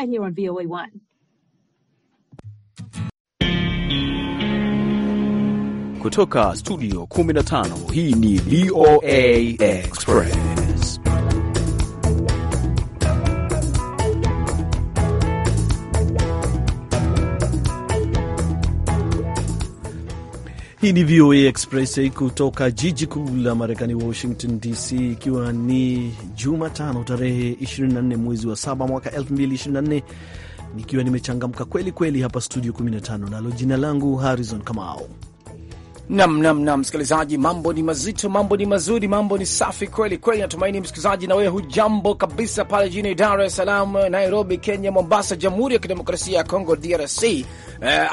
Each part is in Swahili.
right here on VOA1. Kutoka studio 15 hii ni VOA Express. Hii ni VOA Express kutoka jiji kuu la Marekani, Washington DC, ikiwa ni Jumatano tarehe 24 mwezi wa 7 mwaka 2024 nikiwa nimechangamka kweli kweli hapa studio 15, nalo jina langu Harrison Kamau. Nam, nam, nam, msikilizaji, mambo ni mazito, mambo ni mazuri, mambo ni safi kweli kweli. Natumaini msikilizaji na wewe hujambo kabisa pale jijini Dar es Salaam, Nairobi, Kenya, Mombasa, Jamhuri ya Kidemokrasia ya Kongo, DRC. Eh,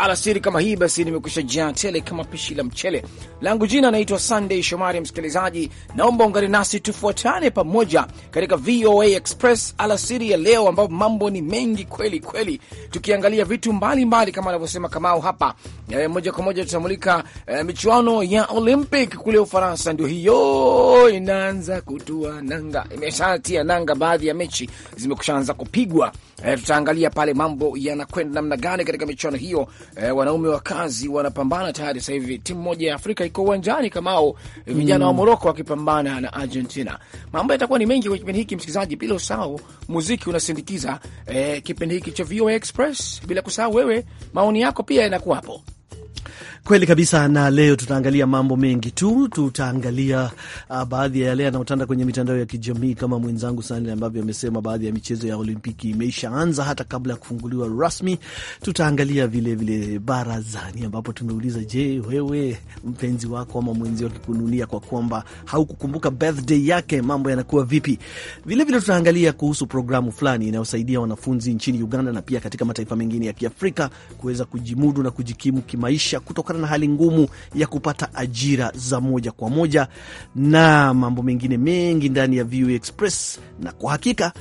alasiri kama hii basi nimekusha jaa tele kama pishi la mchele langu. Jina naitwa Sunday Shomari. Msikilizaji, naomba ungane nasi tufuatane pamoja katika VOA Express alasiri ya leo, ambapo mambo ni mengi kweli kweli, tukiangalia vitu mbalimbali mbali, kama anavyosema Kamau hapa e, moja kwa moja tutamulika e, michuano ya Olympic kule Ufaransa. Ndio hiyo inaanza kutua nanga, imeshatia nanga, baadhi ya mechi zimekushaanza kupigwa. E, tutaangalia pale mambo yanakwenda namna gani katika michuano hiyo. E, wanaume wa kazi wanapambana tayari sasa hivi, timu moja ya Afrika iko uwanjani Kamau, vijana mm, wa Moroko wakipambana na Argentina. Mambo yatakuwa ni mengi kipindi hiki msikilizaji, bila usahau muziki unasindikiza eh, kipindi hiki cha VOA Express, bila kusahau wewe, maoni yako pia yanakuwapo. Kweli kabisa, na leo tutaangalia mambo mengi tu. Tutaangalia uh, baadhi ya yale yanayotanda kwenye mitandao ya kijamii kama mwenzangu Sani ambavyo amesema, baadhi ya michezo ya Olimpiki imeishaanza hata kabla ya kufunguliwa rasmi. Tutaangalia vilevile barazani, ambapo tumeuliza, je, wewe mpenzi wako ama mwenzi wakikununia kwa kwamba haukukumbuka birthday yake, mambo yanakuwa vipi? Vilevile tutaangalia kuhusu programu fulani inayosaidia wanafunzi nchini Uganda na pia katika mataifa mengine ya Kiafrika kuweza kujimudu na kujikimu kimaisha kutoka kutokana na hali ngumu ya kupata ajira za moja kwa moja na mambo mengine mengi ndani ya VOA Express. Na kwa hakika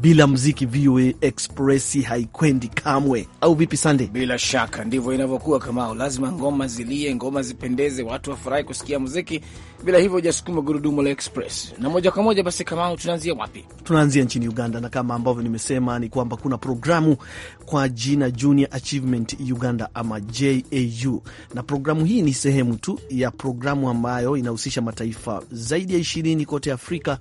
bila mziki VOA Express haikwendi kamwe, au vipi Sande? Bila shaka ndivyo inavyokuwa Kamao, lazima ngoma zilie, ngoma zipendeze, watu wafurahi kusikia muziki. Bila hivyo hujasukuma gurudumu la Express. Na moja kwa moja basi, Kamao, tunaanzia wapi? Tunaanzia nchini Uganda, na kama ambavyo nimesema ni kwamba kuna programu kwa jina Junior Achievement Uganda ama JAU, na programu hii ni sehemu tu ya programu ambayo inahusisha mataifa zaidi ya ishirini kote Afrika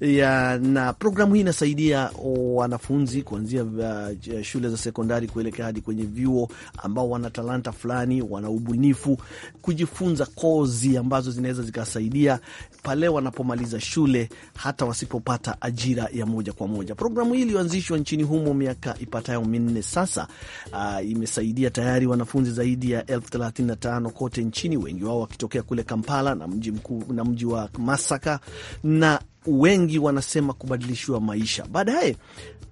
ya, na programu hii inasaidia wanafunzi kuanzia uh, shule za sekondari kuelekea hadi kwenye vyuo ambao wana talanta fulani, wana ubunifu, kujifunza kozi ambazo zinaweza zikasaidia pale wanapomaliza shule hata wasipopata ajira ya moja kwa moja. Programu hii iliyoanzishwa nchini humo miaka ipatayo minne sasa uh, imesaidia tayari wanafunzi zaidi ya elfu thelathini na tano kote nchini, wengi wao wakitokea kule Kampala na mji mkuu na mji wa Masaka, na wengi wanasema kubadilishiwa maisha. Baadaye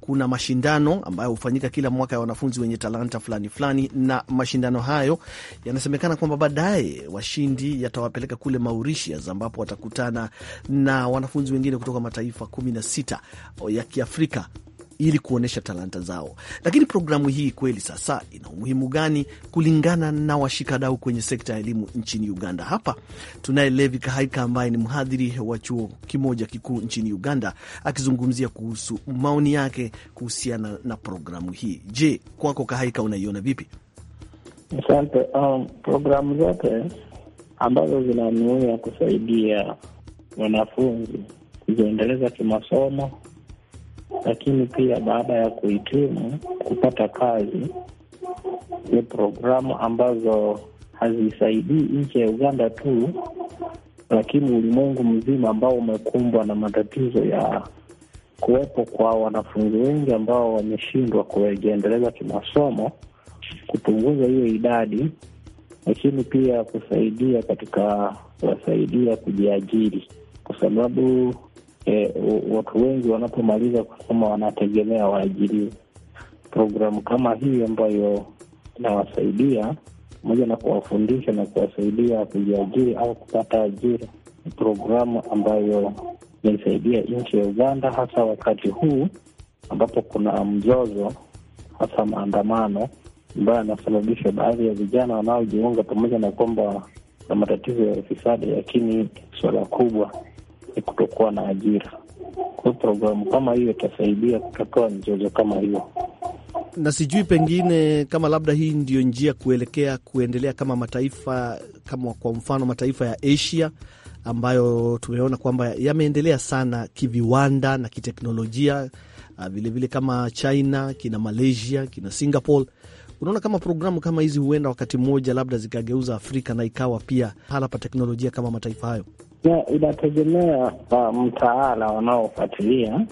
kuna mashindano ambayo hufanyika kila mwaka ya wanafunzi wenye talanta fulani fulani, na mashindano hayo yanasemekana kwamba baadaye washindi yatawapeleka kule Mauritius, ambapo watakutana na wanafunzi wengine kutoka mataifa kumi na sita ya Kiafrika ili kuonyesha talanta zao. Lakini programu hii kweli sasa ina umuhimu gani kulingana na washikadau kwenye sekta ya elimu nchini Uganda? Hapa tunaye Levi Kahaika ambaye ni mhadhiri wa chuo kimoja kikuu nchini Uganda akizungumzia kuhusu maoni yake kuhusiana na programu hii. Je, kwako Kahaika, unaiona vipi? Asante. Um, programu zote ambazo zinanuia kusaidia wanafunzi kujiendeleza kimasomo lakini pia baada ya kuhitimu kupata kazi, ni programu ambazo hazisaidii nchi ya Uganda tu, lakini ulimwengu mzima ambao umekumbwa na matatizo ya kuwepo kwa wanafunzi wengi ambao wameshindwa kujiendeleza kimasomo, kupunguza hiyo idadi, lakini pia kusaidia katika kuwasaidia kujiajiri, kwa sababu e, watu wengi wanapomaliza kusoma wanategemea waajiriwe. Programu kama hii ambayo inawasaidia pamoja na kuwafundisha na kuwasaidia kujiajiri au kupata ajira ni programu ambayo inaisaidia nchi ya Uganda, hasa wakati huu ambapo kuna mzozo, hasa maandamano ambayo anasababisha baadhi ya vijana wanaojiunga, pamoja na kwamba na matatizo ya ufisadi, lakini suala kubwa ni kutokuwa na ajira. Kwa programu kama hiyo itasaidia kutatua mizozo kama hiyo, na sijui pengine kama labda hii ndiyo njia kuelekea kuendelea kama mataifa kama kwa mfano mataifa ya Asia ambayo tumeona kwamba yameendelea sana kiviwanda na kiteknolojia, vilevile ah, vile kama China kina Malaysia kina Singapore. Unaona kama programu kama hizi huenda wakati mmoja labda zikageuza Afrika na ikawa pia hala pa teknolojia kama mataifa hayo. Ya, inategemea uh, mtaala wanaofuatilia,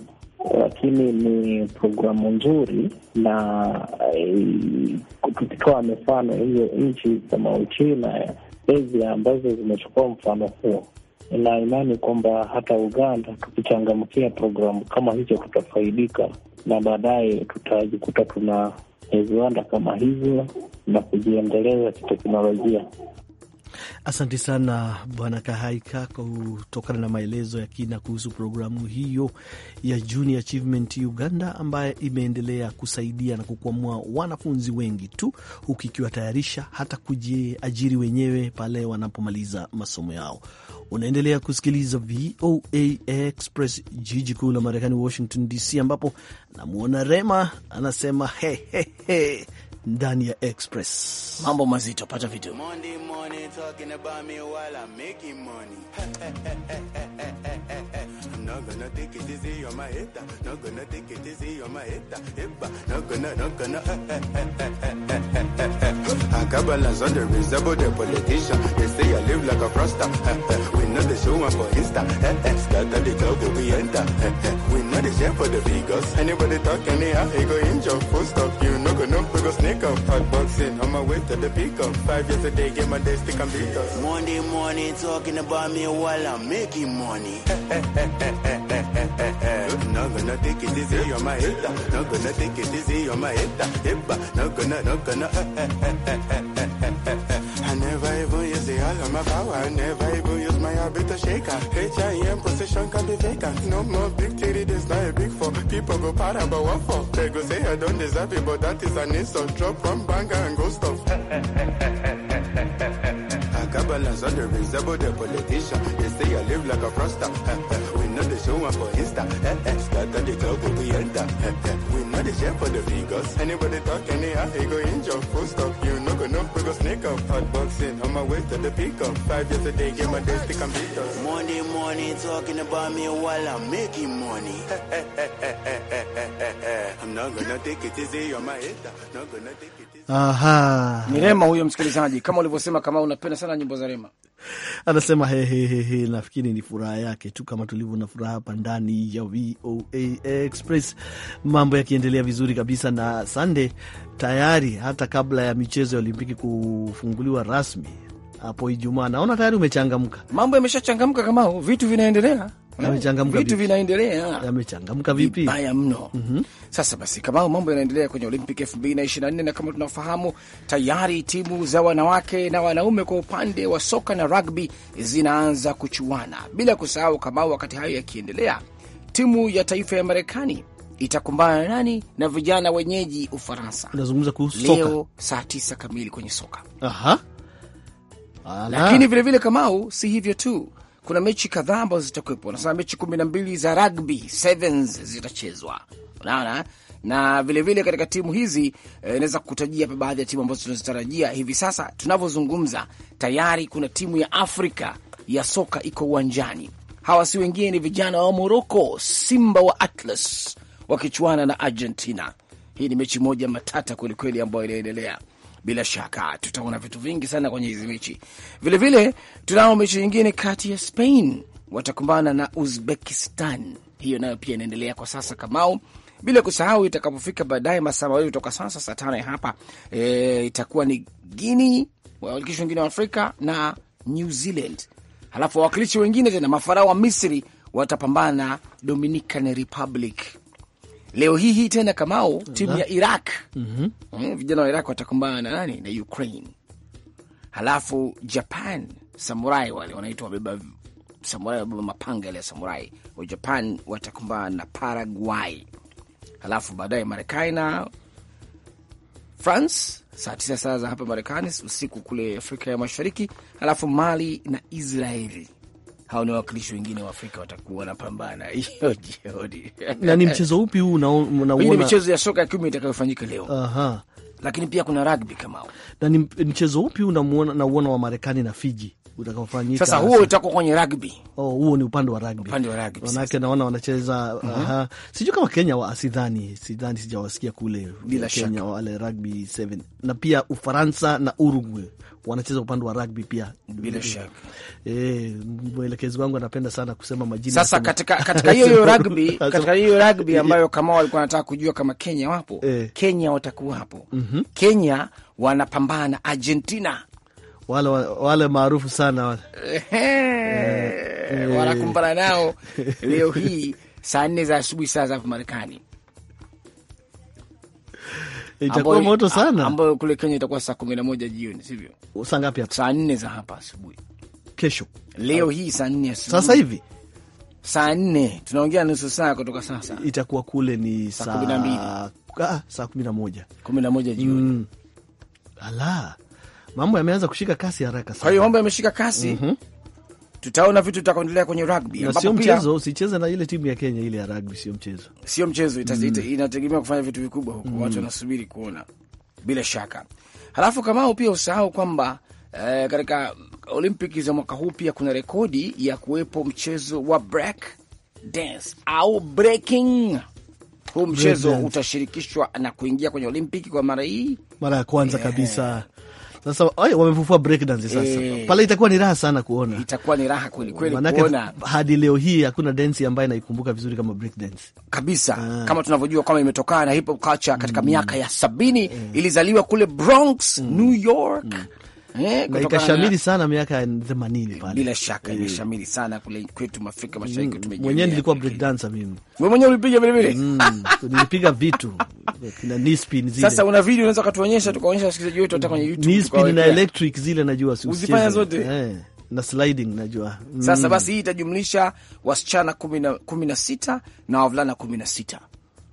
lakini ni programu nzuri, na uh, tukitoa mifano hiyo nchi kama Uchina, Asia ambazo zimechukua mfano huo, ina imani kwamba hata Uganda tukichangamkia programu kama hizo tutafaidika, na baadaye tutajikuta tuna eh, viwanda kama hivyo na kujiendeleza kiteknolojia. Asante sana Bwana Kahaika kutokana na maelezo ya kina kuhusu programu hiyo ya Junior Achievement Uganda ambayo imeendelea kusaidia na kukwamua wanafunzi wengi tu huku ikiwatayarisha hata kujiajiri wenyewe pale wanapomaliza masomo yao. Unaendelea kusikiliza VOA Express, jiji kuu la Marekani, Washington DC, ambapo namwona Rema anasema hehehe he, he ndani ya Express. Mambo mazito, pata video money, money, Kabbalah's on the reasonable, the politician. They say I live like a froster. we know the show one for Insta. Scatter the club we enter. we know the share for the figures. Anybody talk anyhow, he go injure. Full stop, you no go no, we go sneak up. Hot boxing on my way to the peak up. Five years a day, get my day stick and beat us. Monday morning, talking about me while I'm making money. Not gonna take it easy, you're my hater. Not gonna take it easy, you're my hater. Not gonna, not gonna, eh, eh, eh, eh. I never even use the all of my power. I never even use my habit to shake her. H.I.M. possession can be vacant. No more big titty, it's not a big fall. People go para, but what for? They go say I don't deserve it, but that is an insult. Drop from banger and go stuff. Kabbalah's on the reasonable, the politician. They say I live like a froster. Eh, eh, we know the show up for Insta. Start at the club, we enter. Eh, we know the share for the figures. Anybody talk anyhow, he go injure. Full stop, you know, go no, we go sneak up. Hot boxing, on my way to the pickup. Five years a day, get my days to complete us. Money, money, talking about me while I'm making money. I'm not gonna take it easy on my head. Not gonna take it easy. Aha. Ni Rema huyo msikilizaji. Kama ulivyosema, kama unapenda sana nyimbo za Rema anasema hehehehe, nafikiri ni furaha yake tu, kama tulivyo na furaha hapa ndani ya VOA Express, mambo yakiendelea vizuri kabisa. Na Sande tayari hata kabla ya michezo ya Olimpiki kufunguliwa rasmi hapo Ijumaa, naona tayari umechangamka, mambo yameshachangamka, kamao vitu vinaendelea Vitu vinaendelea. Yamechangamka vipi? Vibaya mno. Mm -hmm. Sasa basi kama mambo yanaendelea kwenye Olympic 2024 na kama tunafahamu tayari timu za wanawake na wanaume kwa upande wa soka na rugby zinaanza kuchuana. Bila kusahau kama wakati hayo yakiendelea, timu ya taifa ya Marekani itakumbana na nani? Na vijana wenyeji Ufaransa. Unazungumza kuhusu soka. Leo saa tisa kamili kwenye soka. Aha. Ala. Lakini vilevile Kamau, si hivyo tu kuna mechi kadhaa ambazo zitakuwepo. Nasema mechi kumi na mbili za rugby sevens zitachezwa, unaona na vilevile vile katika timu hizi inaweza eh, naweza kukutajia hapa baadhi ya timu ambazo tunazitarajia hivi sasa tunavyozungumza. Tayari kuna timu ya Afrika ya soka iko uwanjani. Hawa si wengine, ni vijana wa Moroko, Simba wa Atlas wakichuana na Argentina. Hii ni mechi moja matata kwelikweli ambayo inaendelea bila shaka tutaona vitu vingi sana kwenye hizi mechi. Vilevile tunao mechi nyingine kati ya Spain watakumbana na Uzbekistan, hiyo nayo pia inaendelea kwa sasa Kamau, bila kusahau itakapofika baadaye masaa mawili kutoka sasa, saa tano ya hapa e, itakuwa ni Guini wawakilishi wengine wa Afrika na New Zealand, halafu wawakilishi wengine tena mafarao wa Misri watapambana na Dominican Republic Leo hii hii tena Kamau, mm. timu ya Iraq mm-hmm. mm -hmm. vijana wa Iraq watakumbana na nani? Na Ukraine. Halafu Japan, samurai wale wanaitwa wabeba samurai, wabeba mapanga yale ya samurai wa Japan watakumbana na Paraguay. Halafu baadaye Marekani na France saa tisa saa za hapa Marekani usiku, kule Afrika ya Mashariki. Halafu Mali na Israeli hao ni wawakilishi wengine wa Afrika watakuwa wanapambana hiyo jioni. Na ni mchezo upi huu unauona? Ni michezo ya soka ya kiume itakayofanyika leo. Aha. Lakini pia kuna rugby kama na ni mchezo upi unamuona na uona wa Marekani na Fiji utakaofanyika sasa? Huo utakuwa kwenye rugby. Oh, huo ni upande wa rugby, upande wa rugby. Wanake naona wanacheza mhm. Aha. Sijui kama Kenya wa asidhani, sidhani sijawasikia kule bila Kenya shaka. wale rugby 7 na pia Ufaransa na Uruguay wanacheza upande wa rugby pia. Bila shaka eh, mwelekezi wangu anapenda sana kusema majina. Sasa katika katika hiyo hiyo rugby, katika hiyo rugby ambayo kama walikuwa wanataka kujua kama Kenya wapo eh, Kenya watakuwa hapo mm -hmm. Kenya wanapambana na Argentina wale, wale maarufu sana eh, eh. wanakumbana nao leo hii saa nne za asubuhi saa za Marekani itakuwa moto sana, ambayo kule Kenya itakuwa saa kumi na moja jioni, sivyo? Saa ngapi hapa? Saa nne za hapa asubuhi kesho, leo hii saa nne asubuhi sasa hivi saa nne tunaongea nusu saa kutoka sasa, itakuwa kule ni saa kumi na mbili ah, saa kumi na moja kumi na moja jioni mm. Ala, mambo yameanza kushika kasi haraka sana. Kwa hiyo mambo yameshika kasi mm -hmm tutaona vitu vitakavyoendelea kwenye rugby, ambapo sio mchezo. Usicheze na ile timu ya Kenya ile ya rugby, sio mchezo, sio mchezo. mm. Inategemea kufanya vitu vikubwa huko, mm. watu wanasubiri kuona bila shaka. Halafu kama pia usahau kwamba eh, katika Olimpiki za mwaka huu pia kuna rekodi ya kuwepo mchezo wa break dance au breaking. Huu mchezo utashirikishwa na kuingia kwenye Olimpiki kwa mara hii, mara ya kwanza yeah, kabisa sasa wamefufua breakdance sasa e, pale itakuwa ni raha sana kuona, itakuwa ni raha kweli kweli kuona. Hadi leo hii hakuna dance ambayo naikumbuka vizuri kama breakdance kabisa. Aa, ah. kama tunavyojua kwamba imetokana na hip hop culture katika mm, miaka ya sabini mm, ilizaliwa kule Bronx mm, New York mm. Eh, na ikashamiri sana miaka ya pale. Bila shaka mm. imeshamiri sana kule kwetu Afrika Mashariki mm. tumejua. Mwenyewe nilikuwa break dancer mimi. Wewe mwenyewe ulipiga vile vile? Mm. nilipiga vitu kina Nispin zile. Sasa una video unaweza kutuonyesha tukaonyesha wasikilizaji wetu hata kwenye YouTube. na electric zile najua si zote. Eh na sliding najua. Sasa basi hii itajumlisha wasichana kumi na sita na wavulana kumi na sita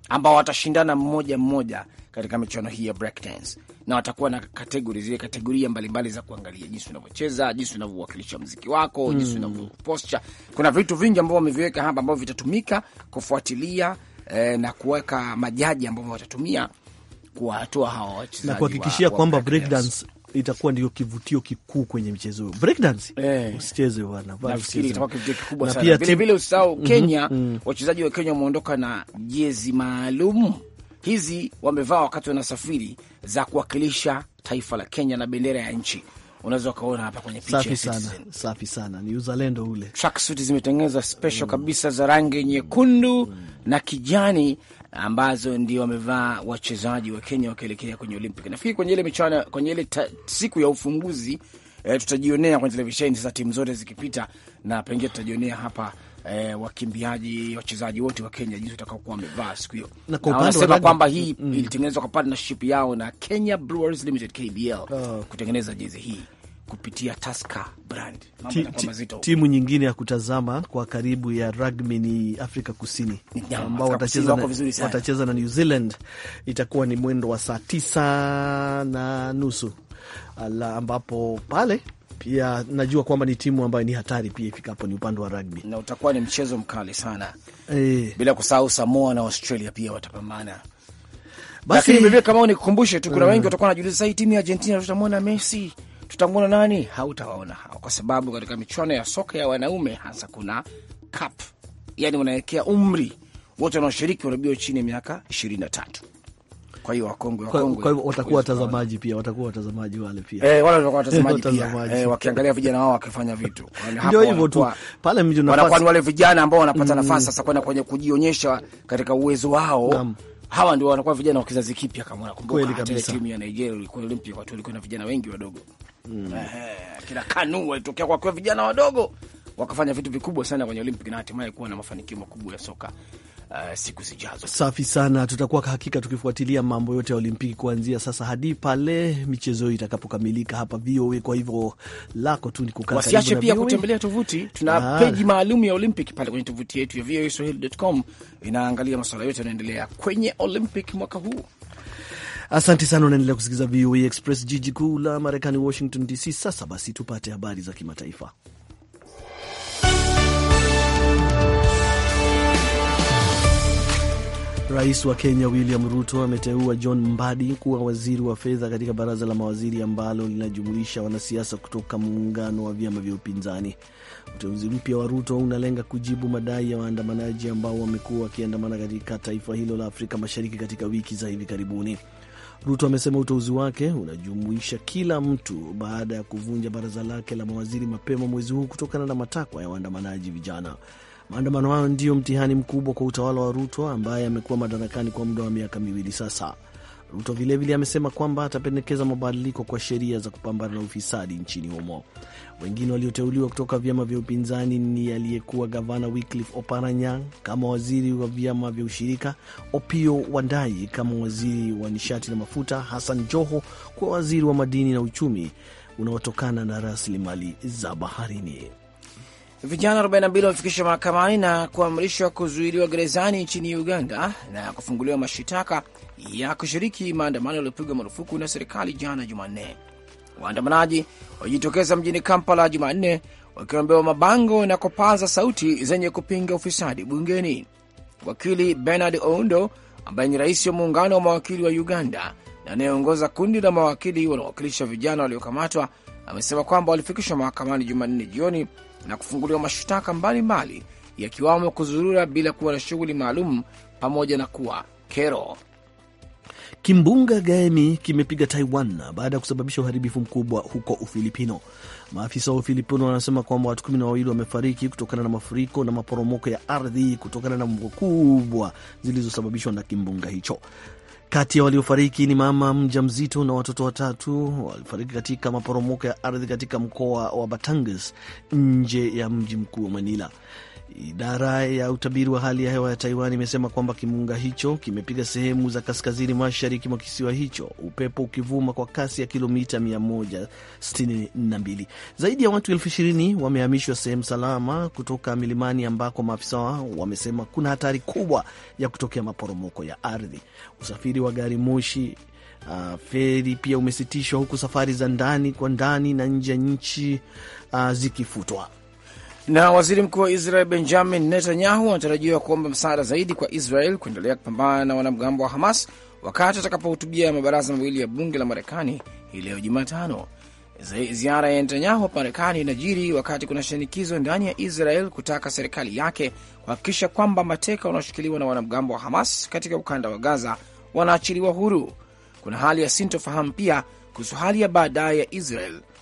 ambao watashindana mmoja mmoja katika michuano hii ya breakdance, na watakuwa na kategori zile kategoria mbalimbali za kuangalia jinsi unavyocheza, jinsi unavyowakilisha mziki wako mm, jinsi unavyoposture. Kuna vitu vingi ambavyo wameviweka hapa ambavyo vitatumika kufuatilia eh, na kuweka majaji ambavyo watatumia kuwatoa hawa wachezaji na kuhakikishia kwamba breakdance itakuwa ndio kivutio kikuu kwenye mchezo huo breakdance, eh. usicheze bwana, Vile vile mhm. Kenya, mm. wachezaji wa Kenya wameondoka na jezi maalum hizi wamevaa wakati wanasafiri za kuwakilisha taifa la Kenya na bendera ya nchi unaweza ukaona hapa kwenye picha. Safi sana, safi sana, ni uzalendo ule. Tracksuit zimetengenezwa special mm. kabisa za rangi nyekundu mm. na kijani ambazo ndio wamevaa wachezaji wa Kenya wakielekea kwenye Olympic. Nafikiri kwenye ile michuano, kwenye ile siku ya ufunguzi e, eh, tutajionea kwenye televisheni sasa timu zote zikipita, na pengine tutajionea hapa e, wakimbiaji wachezaji wote wa Kenya jinsi watakaokuwa wamevaa siku hiyo, na wanasema kwamba hii mm, ilitengenezwa kwa partnership yao na Kenya Brewers Limited KBL, oh, kutengeneza jezi hii kupitia Tusker brand. Timu nyingine ya kutazama kwa karibu ya rugby ni Afrika Kusini ambao watacheza na, watacheza na New Zealand. Itakuwa ni mwendo wa saa tisa na nusu Ala, ambapo pale pia najua kwamba ni timu ambayo ni hatari pia ifikapo ni upande wa rugby, na utakuwa ni mchezo mkali sana e, bila kusahau Samoa na Australia pia watapambana. Basi, kama nikukumbushe tu, kuna mm. wengi watakuwa wanajiuliza sasa, hii timu ya Argentina tutamwona Messi tutamwona nani? Hautawaona hao, kwa sababu katika michuano ya soka ya wanaume hasa kuna cup, yani wanawekea umri wote wanaoshiriki wanabiwa chini ya miaka ishirini na tatu. Kwa hiyo wakongwe wakongwe, kwa hiyo watakuwa watazamaji pia, watakuwa watazamaji wale pia, eh, wale watakuwa watazamaji pia, eh, wakiangalia vijana wao wakifanya vitu. Ndio hivyo tu pale mjini, nafasi wanakuwa wale vijana ambao wanapata mm. nafasi sasa kwenda kwenye kujionyesha katika uwezo wao. Hawa ndio wanakuwa vijana wa kizazi kipya, kama unakumbuka timu ya Nigeria ilikuwa watu walikuwa na vijana wengi wadogo Mm. kina Kanu walitokea kwa kwa vijana wadogo wakafanya vitu vikubwa sana kwenye Olympic na hatimaye kuwa na mafanikio makubwa ya soka. Uh, siku zijazo. Safi sana, tutakuwa hakika tukifuatilia mambo yote ya Olimpiki kuanzia sasa hadi pale michezo hiyo itakapokamilika hapa VOA. Kwa hivyo lako tu ni kukaa, wasiache pia kutembelea tovuti, tuna ah. peji maalum ya Olimpiki pale kwenye tovuti yetu ya voaswahili.com, inaangalia masuala yote yanaendelea kwenye Olimpiki mwaka huu. Asante sana, unaendelea kusikiliza VOA Express, jiji kuu la Marekani, Washington DC. Sasa basi, tupate habari za kimataifa. Rais wa Kenya William Ruto ameteua John Mbadi kuwa waziri wa fedha katika baraza la mawaziri ambalo linajumuisha wanasiasa kutoka muungano wa vyama vya upinzani. Uteuzi mpya wa Ruto unalenga kujibu madai ya waandamanaji ambao wamekuwa wakiandamana katika taifa hilo la Afrika Mashariki katika wiki za hivi karibuni. Ruto amesema uteuzi wake unajumuisha kila mtu baada ya kuvunja baraza lake la mawaziri mapema mwezi huu kutokana na matakwa ya waandamanaji vijana. Maandamano hayo ndiyo mtihani mkubwa kwa utawala wa Ruto ambaye amekuwa madarakani kwa muda wa miaka miwili sasa. Ruto vilevile amesema kwamba atapendekeza mabadiliko kwa sheria za kupambana na ufisadi nchini humo. Wengine walioteuliwa kutoka vyama vya upinzani ni aliyekuwa gavana Wycliffe Oparanya kama waziri wa vyama vya ushirika, opio Wandayi kama waziri wa nishati na mafuta, Hassan Joho kwa waziri wa madini na uchumi unaotokana na rasilimali za baharini. Vijana 42 wamefikishwa mahakamani na kuamrishwa kuzuiliwa gerezani nchini Uganda na kufunguliwa mashitaka ya kushiriki maandamano yaliyopigwa marufuku na serikali jana Jumanne. Waandamanaji walijitokeza mjini Kampala Jumanne wakiombewa mabango na kupaza sauti zenye kupinga ufisadi bungeni. Wakili Bernard Oundo ambaye ni rais wa muungano wa mawakili wa Uganda na anayeongoza kundi la mawakili wanaowakilisha vijana waliokamatwa amesema kwamba walifikishwa mahakamani Jumanne jioni na kufunguliwa mashtaka mbalimbali yakiwamo kuzurura bila kuwa na shughuli maalum pamoja na kuwa kero. Kimbunga Gaemi kimepiga Taiwan baada ya kusababisha uharibifu mkubwa huko Ufilipino. Maafisa wa Ufilipino wanasema kwamba watu kumi na wawili wamefariki kutokana na mafuriko na maporomoko ya ardhi kutokana na mvua kubwa zilizosababishwa na kimbunga hicho. Kati ya waliofariki ni mama mja mzito na watoto watatu walifariki katika maporomoko ya ardhi katika mkoa wa Batangas nje ya mji mkuu wa Manila. Idara ya utabiri wa hali ya hewa ya Taiwan imesema kwamba kimunga hicho kimepiga sehemu za kaskazini mashariki mwa kisiwa hicho, upepo ukivuma kwa kasi ya kilomita 162. Zaidi ya watu elfu ishirini wamehamishwa sehemu salama kutoka milimani ambako maafisa wamesema kuna hatari kubwa ya kutokea maporomoko ya ardhi. Usafiri wa gari moshi Uh, feri pia umesitishwa huku safari za ndani kwa ndani na nje ya nchi uh, zikifutwa. Na waziri mkuu wa Israel Benjamin Netanyahu anatarajiwa kuomba msaada zaidi kwa Israel kuendelea kupambana na wanamgambo wa Hamas wakati atakapohutubia mabaraza mawili ya bunge la Marekani hii leo Jumatano. Ziara ya Netanyahu hapa Marekani inajiri wakati kuna shinikizo ndani ya Israel kutaka serikali yake kuhakikisha kwamba mateka wanaoshikiliwa na wanamgambo wa Hamas katika ukanda wa Gaza wanaachiliwa huru. Kuna hali ya sintofahamu pia kuhusu hali ya baadaye ya Israel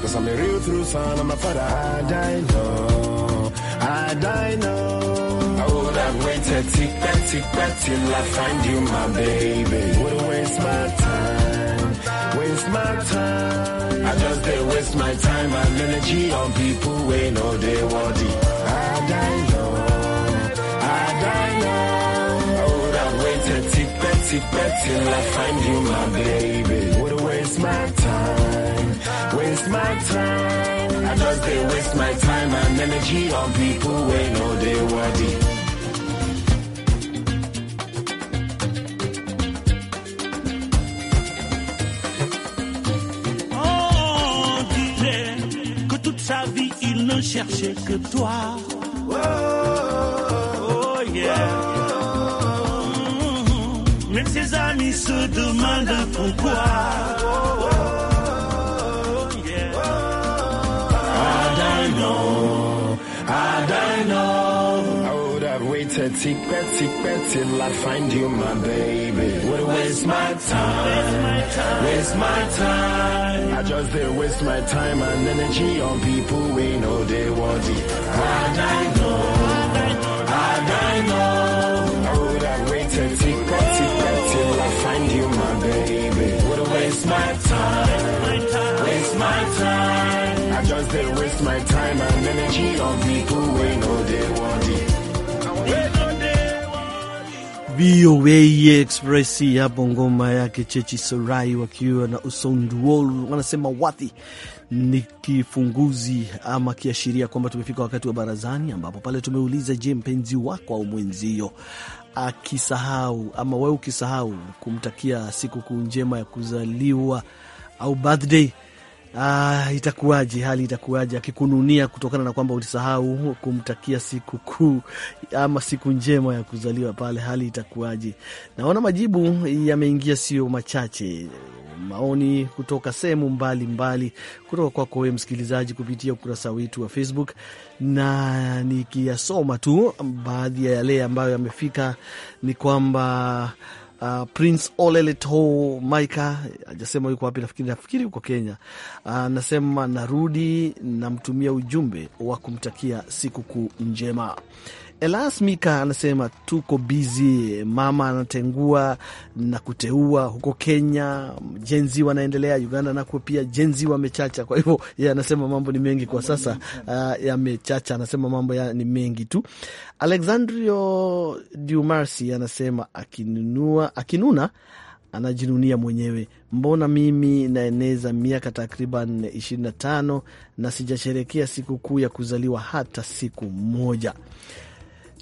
Cause I'm a real true son of my father. I know, I die know. I would have waited, tick back, tick back till I find you, my baby. Wouldn't waste my time, waste my time. I just didn't waste my time and energy on people way no they worthy. I die now, I die now. I would have waited, tick back, tick back till I find you, my baby. waste my time, waste my time. I just they waste my time and energy on people when no they worthy. on oh, que toute sa vie il ne cherchait que toi. se demandent pourquoi. Oh, oh, I don't know, I don't know. I would have waited, tick, tick, till I find you, my baby. Would waste my time, waste my time. I just did waste my time and energy on people we know they want it. I don't know. baby. Wouldn't waste my time, waste my time. I just did waste my time and energy on people VOA Express hapo, ngoma yake Chechi Sorai wakiwa na usonduol wanasema wathi ni kifunguzi ama kiashiria kwamba tumefika wakati wa barazani, ambapo pale tumeuliza, je, mpenzi wako au mwenzio akisahau ama wewe ukisahau kumtakia sikukuu njema ya kuzaliwa au birthday Ah, itakuwaje? Hali itakuwaje akikununia kutokana na kwamba ulisahau kumtakia siku kuu ama siku njema ya kuzaliwa pale, hali itakuwaje? Naona majibu yameingia sio machache, maoni kutoka sehemu mbalimbali, kutoka kwako wewe msikilizaji kupitia ukurasa wetu wa Facebook, na nikiyasoma tu baadhi ya yale ambayo yamefika ni kwamba Uh, Prince Oleleto Maika ajasema yuko wapi, nafikiri nafikiri yuko Kenya. Uh, anasema uh, narudi, namtumia ujumbe wa kumtakia sikukuu njema. Elas Mika anasema tuko bizi, mama anatengua na kuteua huko Kenya, jenzi wanaendelea Uganda, nako pia jenzi wamechacha. Kwa hivyo yeye anasema mambo ni mengi kwa sasa, uh, yamechacha. Anasema mambo ya ni mengi tu. Alexandrio Dumarsi anasema akinunua, akinuna anajinunia mwenyewe, mbona mimi naeneza miaka takriban 25 na sijasherekea sikukuu ya kuzaliwa hata siku moja.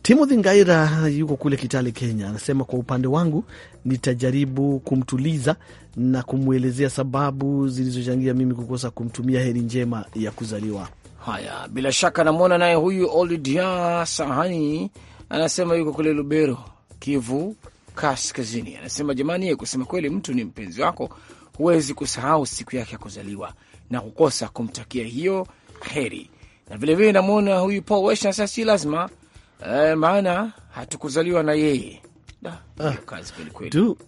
Timothy Ngaira yuko kule Kitale, Kenya, anasema kwa upande wangu nitajaribu kumtuliza na kumwelezea sababu zilizochangia mimi kukosa kumtumia heri njema ya kuzaliwa. Haya, bila shaka namwona naye huyu Olidia Sahani anasema yuko kule Lubero, Kivu Kaskazini. Anasema jamani, ye kusema kweli, mtu ni mpenzi wako, huwezi kusahau siku yake ya kuzaliwa na kukosa kumtakia hiyo heri. Na vilevile namwona huyu Paul Wesh anasema si lazima eh, maana hatukuzaliwa na yeye. Ah,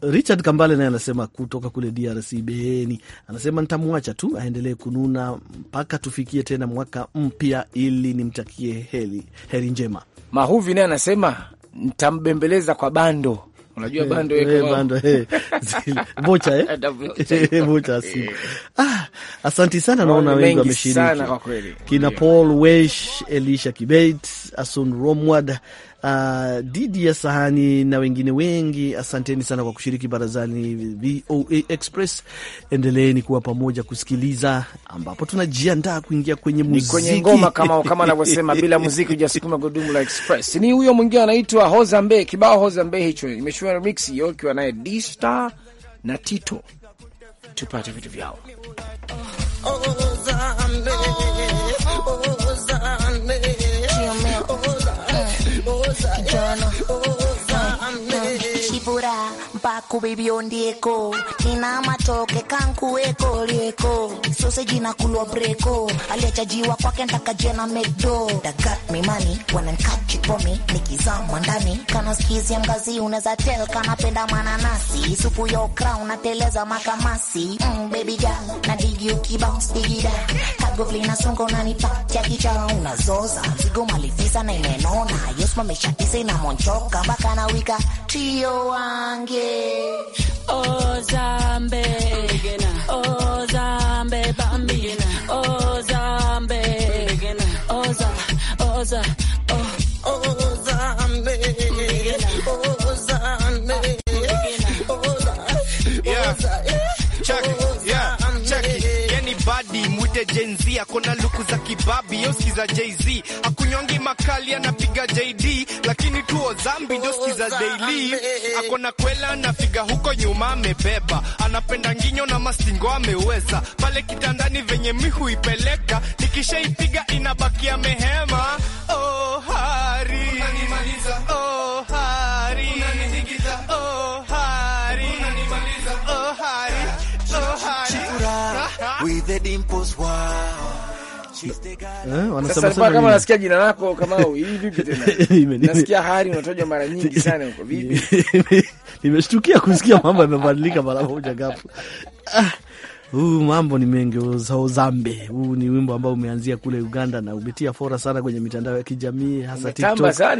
Richard Kambale naye anasema kutoka kule DRC Beni, anasema nitamwacha tu aendelee kununa mpaka tufikie tena mwaka mpya, ili nimtakie heri, heri njema. Mahuvi naye anasema ntambembeleza kwa bando Unajua eh, eh, bando eh, bando hey. bocha eh, bocha asili. Eh, ah, asanti sana, naona wengi wameshiriki. Kina Paul Wesh, Elisha Kibet, Asun Romward, uh, Didi ya Sahani na wengine wengi, asanteni sana kwa kushiriki barazani VOA Express. Endeleeni kuwa pamoja kusikiliza, ambapo tunajiandaa kuingia kwenye muziki, kwenye ngoma kama kama anavyosema bila muziki hujasukuma gudumu la Express. Ni huyo mwingine anaitwa Hozambe, kibao Hozambe hicho imeshua remix yokiwa naye Dista na Tito, tupate vitu vyao. emotional kubibiondieko china matoke kankuweko lieko sose jina kulwa breko aliachajiwa kwake ntakajena mekdo dagat for me nikizama ndani kana skizi ya mgazi uneza tell kana penda mananasi supu yo crown na teleza makamasi mm, baby girl na digi ukibounce digida kagofli na songo nanipacha kicha unazoza mzigo malifisa na imenona yosma yosmamesha isa monchoka mpaka na wika trio wange Jenzi akona luku za kibabi yosi za Jay-Z, akunyongi makali anapiga JD lakini tuo zambi ndio skiza daily. ako na kwela na figa huko nyuma amebeba, anapenda nginyo na mastingo ameweza pale kitandani venye mihu ipeleka, nikishaipiga inabakia mehema. Oh, hari unanimaliza, oh, hari unaniingiza, oh, hari unanimaliza, oh, hari, oh, hari with the dimples wow Eh, kama nasikia jina lako kama hii vipi tena? Nasikia hali unatoja mara nyingi sana huko vipi? Nimeshtukia kusikia mambo yamebadilika mara moja ghafla. Ah huu mambo ni mengi zambe. Huu ni wimbo ambao umeanzia kule Uganda na umetia fora sana kwenye mitandao ya kijamii hasa TikTok. Sasa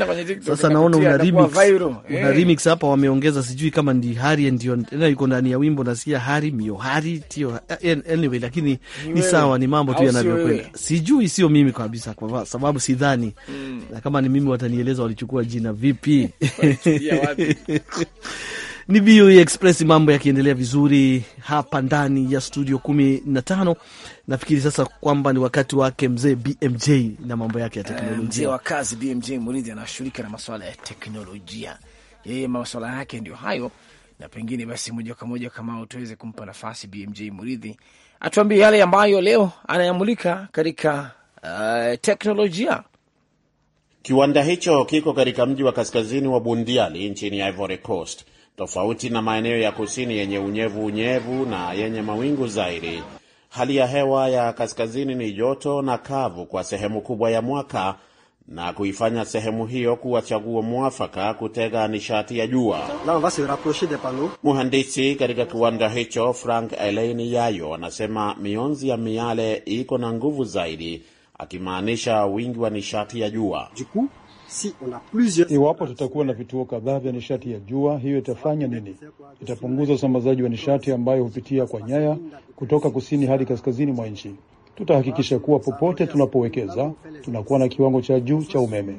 naona una remix, una eh. remix hapa, wameongeza sijui kama ndi hari ndio tena yuko ndani ya wimbo, nasikia hari mio hari tio eh, eh, anyway, lakini ni sawa, ni mambo tu yanavyokwenda. Sijui sio mimi kabisa, kwa sababu sidhani mm. na kama ni mimi watanieleza walichukua jina vipi Ni VOA e Express, mambo yakiendelea vizuri hapa ndani ya studio 15. na Nafikiri sasa kwamba ni wakati wake mzee BMJ na mambo yake ya eh, teknolojia. mzee wa kazi BMJ Muridhi anashughulika na masuala ya teknolojia, yeye masuala yake ndio hayo, na pengine basi moja kwa moja kama tuweze kumpa nafasi BMJ Muridhi atuambie yale ambayo leo anayamulika katika uh, teknolojia. Kiwanda hicho kiko katika mji wa kaskazini wa Bundiali nchini Ivory Coast tofauti na maeneo ya kusini yenye unyevu unyevu na yenye mawingu zaidi. Hali ya hewa ya kaskazini ni joto na kavu kwa sehemu kubwa ya mwaka na kuifanya sehemu hiyo kuwa chaguo mwafaka kutega nishati ya jua. Mhandisi katika kiwanda hicho Frank Eleni Yayo anasema mionzi ya miale iko na nguvu zaidi, akimaanisha wingi wa nishati ya jua Jiku. Si plusieurs... Iwapo tutakuwa na vituo kadhaa vya nishati ya jua, hiyo itafanya nini? Itapunguza usambazaji wa nishati ambayo hupitia kwa nyaya kutoka kusini hadi kaskazini mwa nchi. Tutahakikisha kuwa popote tunapowekeza tunakuwa na kiwango cha juu cha umeme.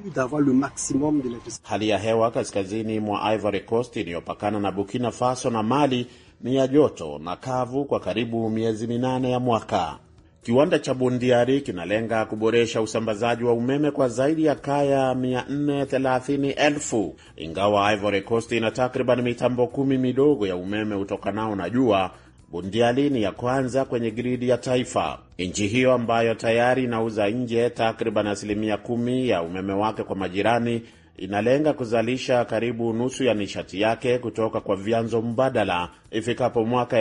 Hali ya hewa kaskazini mwa Ivory Coast iliyopakana na Burkina Faso na Mali ni ya joto na kavu kwa karibu miezi minane ya mwaka. Kiwanda cha Bundiari kinalenga kuboresha usambazaji wa umeme kwa zaidi ya kaya 430,000 ingawa Ivory Coast ina takriban mitambo kumi midogo ya umeme utokanao na jua. Bundiali ni ya kwanza kwenye gridi ya taifa. Nchi hiyo ambayo tayari inauza nje takriban asilimia kumi ya umeme wake kwa majirani, inalenga kuzalisha karibu nusu ya nishati yake kutoka kwa vyanzo mbadala ifikapo mwaka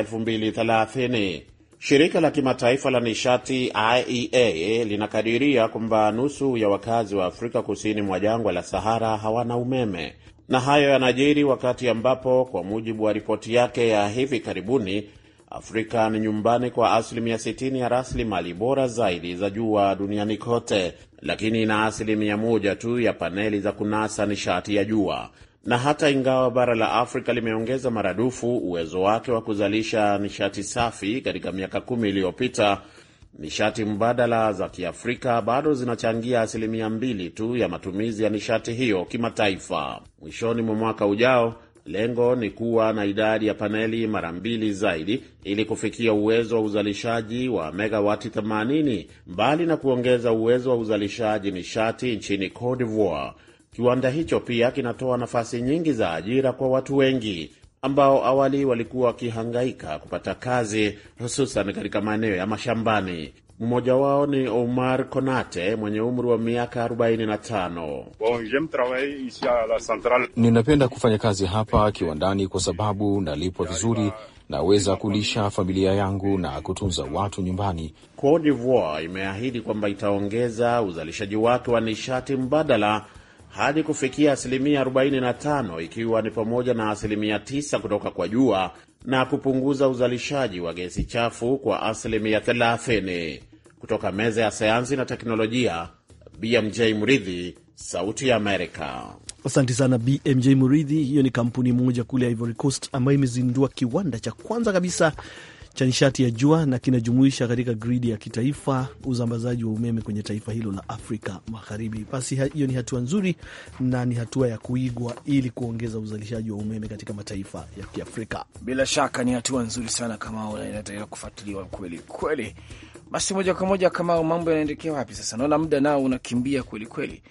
Shirika la kimataifa la nishati IEA linakadiria kwamba nusu ya wakazi wa Afrika kusini mwa jangwa la Sahara hawana umeme, na hayo yanajiri wakati ambapo kwa mujibu wa ripoti yake ya hivi karibuni, Afrika ni nyumbani kwa asilimia 60 ya rasilimali bora zaidi za jua duniani kote, lakini ina asilimia moja tu ya paneli za kunasa nishati ya jua na hata ingawa bara la Afrika limeongeza maradufu uwezo wake wa kuzalisha nishati safi katika miaka kumi iliyopita, nishati mbadala za Kiafrika bado zinachangia asilimia mbili tu ya matumizi ya nishati hiyo kimataifa. Mwishoni mwa mwaka ujao, lengo ni kuwa na idadi ya paneli mara mbili zaidi ili kufikia uwezo wa uzalishaji wa megawati 80, mbali na kuongeza uwezo wa uzalishaji nishati nchini Cote d'Ivoire Kiwanda hicho pia kinatoa nafasi nyingi za ajira kwa watu wengi ambao awali walikuwa wakihangaika kupata kazi, hususan katika maeneo ya mashambani. Mmoja wao ni Omar Konate mwenye umri wa miaka 45. Ninapenda kufanya kazi hapa kiwandani kwa sababu nalipwa vizuri, naweza kulisha familia yangu na kutunza watu nyumbani. Cote d'Ivoire imeahidi kwamba itaongeza uzalishaji wake wa nishati mbadala hadi kufikia asilimia 45 ikiwa ni pamoja na asilimia 9 kutoka kwa jua na kupunguza uzalishaji wa gesi chafu kwa asilimia 30. Kutoka meza ya sayansi na teknolojia, BMJ Mridhi, Sauti ya Amerika. Asante sana BMJ mridhi Hiyo ni kampuni moja kule Ivory Coast ambayo imezindua kiwanda cha kwanza kabisa cha nishati ya jua na kinajumuisha katika gridi ya kitaifa usambazaji wa umeme kwenye taifa hilo la Afrika Magharibi. Basi hiyo ni hatua nzuri na ni hatua ya kuigwa ili kuongeza uzalishaji wa umeme katika mataifa ya Kiafrika. Bila shaka ni hatua nzuri sana, kama inatakiwa kufuatiliwa kweli kweli. Basi moja kwa moja, kama mambo yanaendekea wapi sasa? Naona muda nao unakimbia kweli kweli.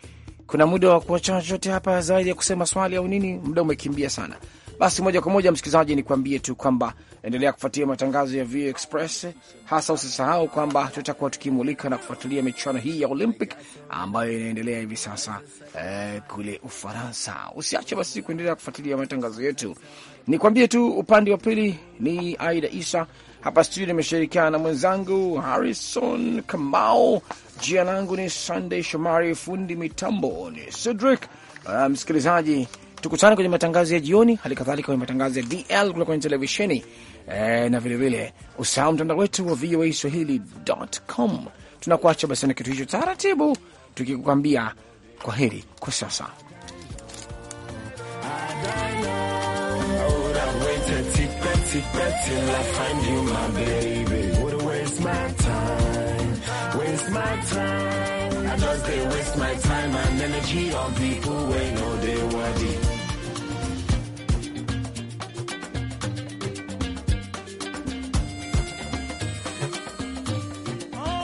Kuna muda wa kuacha chochote hapa zaidi ya kusema swali au nini? Muda umekimbia sana. Basi moja kwa moja, msikilizaji, nikuambie tu kwamba Endelea kufuatilia matangazo ya VOA Express, hasa usisahau kwamba tutakuwa tukimulika na kufuatilia michuano hii ya Olympic ambayo inaendelea hivi sasa eh, kule Ufaransa. Usiache basi kuendelea kufuatilia matangazo yetu. Nikwambie tu upande wa pili ni Aida Isa hapa studio, nimeshirikiana na mwenzangu Harrison Kamau. Jina langu ni Sunday Shomari, fundi mitambo ni Cedric. Uh, msikilizaji tukutane kwenye matangazo ya jioni, hali kadhalika kwenye matangazo ya DL kule kwenye televisheni e, na vilevile usahau mtandao wetu wa VOA Swahili.com. Tunakuacha basi na kitu hicho taratibu, tukikwambia kwa heri kwa sasa.